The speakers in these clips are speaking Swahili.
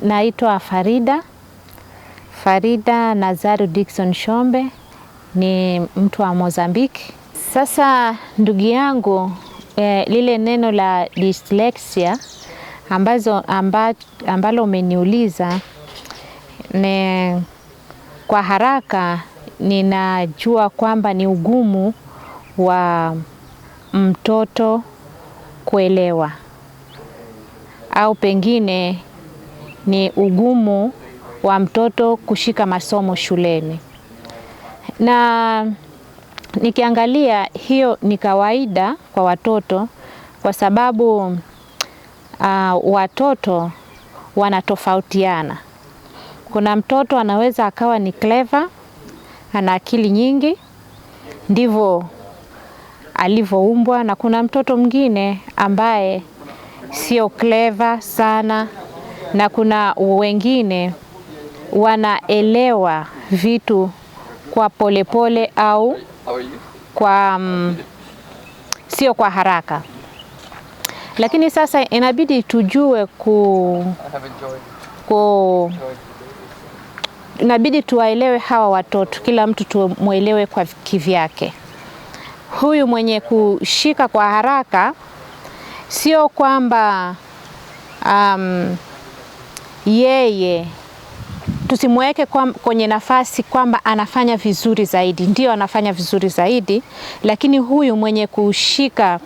Naitwa Farida Farida Nazaru Dickson Shombe, ni mtu wa Mozambiki. Sasa ndugu yangu eh, lile neno la dyslexia ambazo amba, ambalo umeniuliza ne, kwa haraka ninajua kwamba ni ugumu wa mtoto kuelewa au pengine ni ugumu wa mtoto kushika masomo shuleni, na nikiangalia hiyo ni kawaida kwa watoto kwa sababu uh, watoto wanatofautiana. Kuna mtoto anaweza akawa ni clever, ana akili nyingi, ndivyo alivyoumbwa, na kuna mtoto mwingine ambaye sio clever sana na kuna wengine wanaelewa vitu kwa polepole pole au kwa um, sio kwa haraka, lakini sasa inabidi tujue ku, ku inabidi tuwaelewe hawa watoto, kila mtu tumwelewe kwa kivyake. Huyu mwenye kushika kwa haraka sio kwamba um, yeye tusimweke kwenye nafasi kwamba anafanya vizuri zaidi. ndio anafanya vizuri zaidi, lakini huyu mwenye kushika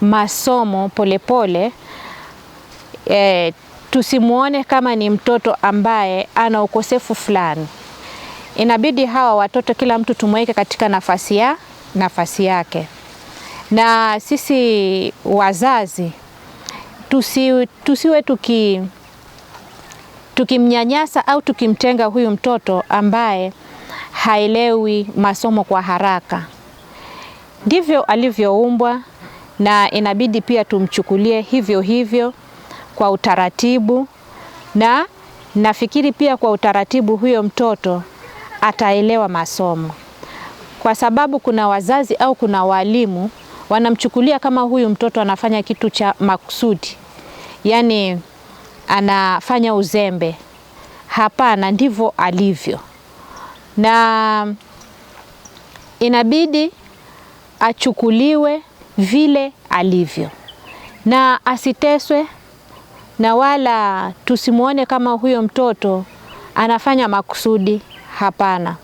masomo polepole pole, e, tusimwone kama ni mtoto ambaye ana ukosefu fulani. Inabidi hawa watoto kila mtu tumweke katika nafasi ya nafasi yake, na sisi wazazi tusi, tusiwe tuki tukimnyanyasa au tukimtenga huyu mtoto ambaye haelewi masomo kwa haraka. Ndivyo alivyoumbwa na inabidi pia tumchukulie hivyo hivyo kwa utaratibu, na nafikiri pia kwa utaratibu huyo mtoto ataelewa masomo, kwa sababu kuna wazazi au kuna walimu wanamchukulia kama huyu mtoto anafanya kitu cha makusudi, yaani anafanya uzembe. Hapana, ndivyo alivyo, na inabidi achukuliwe vile alivyo na asiteswe, na wala tusimwone kama huyo mtoto anafanya makusudi. Hapana.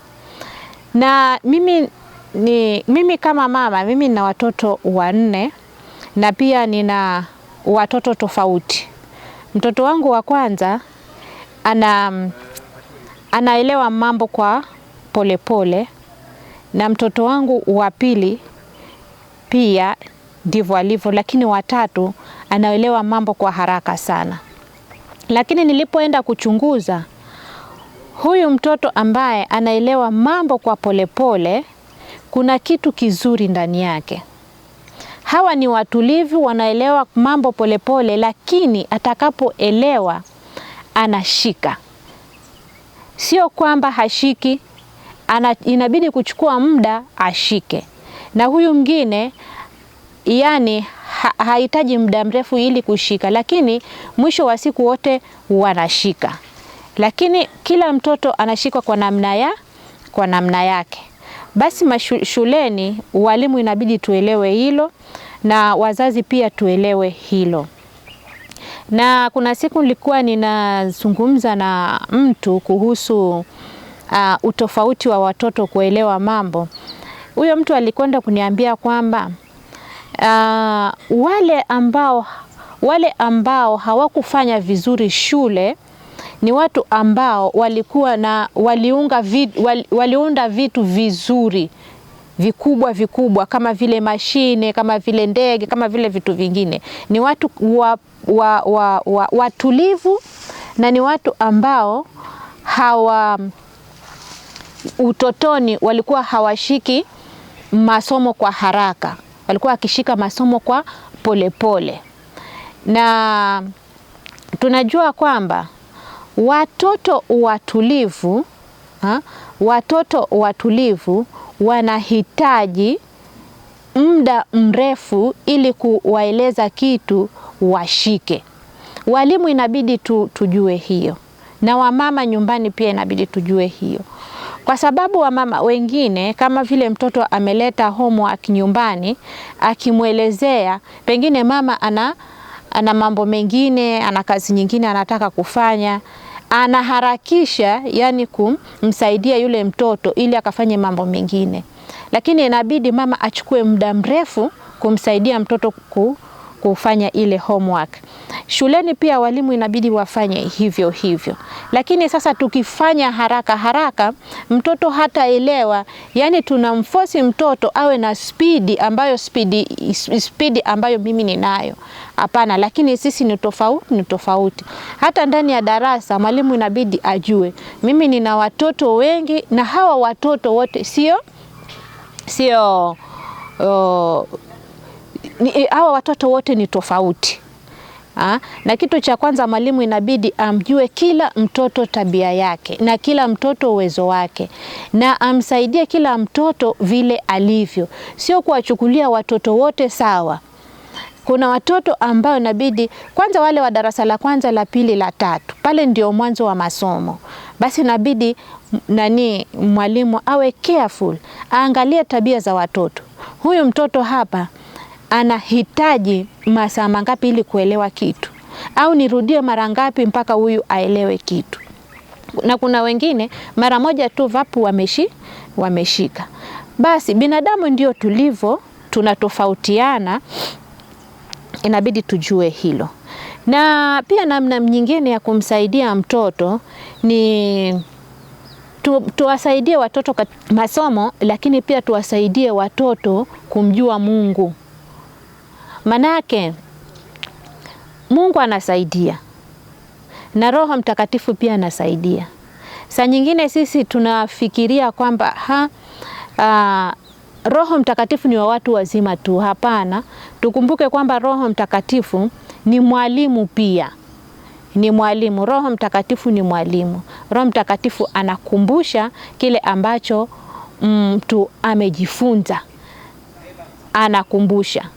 Na mimi ni mimi kama mama, mimi nina watoto wanne na pia nina watoto tofauti. Mtoto wangu wa kwanza ana anaelewa mambo kwa polepole pole, na mtoto wangu wa pili pia ndivyo alivyo, lakini watatu anaelewa mambo kwa haraka sana. Lakini nilipoenda kuchunguza, huyu mtoto ambaye anaelewa mambo kwa polepole pole, kuna kitu kizuri ndani yake. Hawa ni watulivu, wanaelewa mambo polepole pole, lakini atakapoelewa anashika. Sio kwamba hashiki, ana, inabidi kuchukua muda ashike. Na huyu mwingine yani ha, hahitaji muda mrefu ili kushika, lakini mwisho wa siku wote wanashika. Lakini kila mtoto anashikwa kwa namna ya kwa namna yake. Basi mashuleni, walimu inabidi tuelewe hilo na wazazi pia tuelewe hilo. Na kuna siku nilikuwa ninazungumza na mtu kuhusu uh, utofauti wa watoto kuelewa mambo. Huyo mtu alikwenda kuniambia kwamba uh, wale ambao wale ambao hawakufanya vizuri shule ni watu ambao walikuwa na waliunga vid, wal, waliunda vitu vizuri vikubwa vikubwa kama vile mashine, kama vile ndege, kama vile vitu vingine. Ni watu wa, wa, wa, wa, watulivu na ni watu ambao hawa utotoni walikuwa hawashiki masomo kwa haraka, walikuwa wakishika masomo kwa polepole pole. Na tunajua kwamba watoto watulivu ha? watoto watulivu wanahitaji muda mrefu ili kuwaeleza kitu washike. Walimu inabidi tu, tujue hiyo, na wamama nyumbani pia inabidi tujue hiyo, kwa sababu wamama wengine kama vile mtoto ameleta homework nyumbani, akimwelezea pengine mama ana ana mambo mengine, ana kazi nyingine anataka kufanya anaharakisha yani kumsaidia yule mtoto ili akafanye mambo mengine, lakini inabidi mama achukue muda mrefu kumsaidia mtoto ku kufanya ile homework. Shuleni pia walimu inabidi wafanye hivyo hivyo, lakini sasa tukifanya haraka haraka mtoto hataelewa, yani tunamforce mtoto awe na spidi ambayo spidi, spidi ambayo mimi ninayo. Hapana, lakini sisi ni tofauti, ni tofauti. Hata ndani ya darasa mwalimu inabidi ajue mimi nina watoto wengi na hawa watoto wote sio sio oh, hawa watoto wote ni tofauti ha? Ah, na kitu cha kwanza mwalimu inabidi amjue kila mtoto tabia yake na kila mtoto uwezo wake, na amsaidie kila mtoto vile alivyo, sio kuwachukulia watoto wote sawa. Kuna watoto ambao inabidi kwanza, wale wa darasa la kwanza, la pili, la tatu, pale ndio mwanzo wa masomo, basi inabidi nani, mwalimu awe careful, aangalie tabia za watoto. Huyu mtoto hapa anahitaji masaa mangapi ili kuelewa kitu, au nirudie mara ngapi mpaka huyu aelewe kitu. Na kuna wengine mara moja tu vapu wameshi wameshika. Basi binadamu ndio tulivyo, tunatofautiana, inabidi tujue hilo. Na pia namna nyingine ya kumsaidia mtoto ni tu, tuwasaidie watoto masomo, lakini pia tuwasaidie watoto kumjua Mungu. Manake Mungu anasaidia na Roho Mtakatifu pia anasaidia. Saa nyingine sisi tunafikiria kwamba ha a, ah, Roho Mtakatifu ni wa watu wazima tu. Hapana, tukumbuke kwamba Roho Mtakatifu ni mwalimu pia, ni mwalimu. Roho Mtakatifu ni mwalimu. Roho Mtakatifu anakumbusha kile ambacho mtu amejifunza, anakumbusha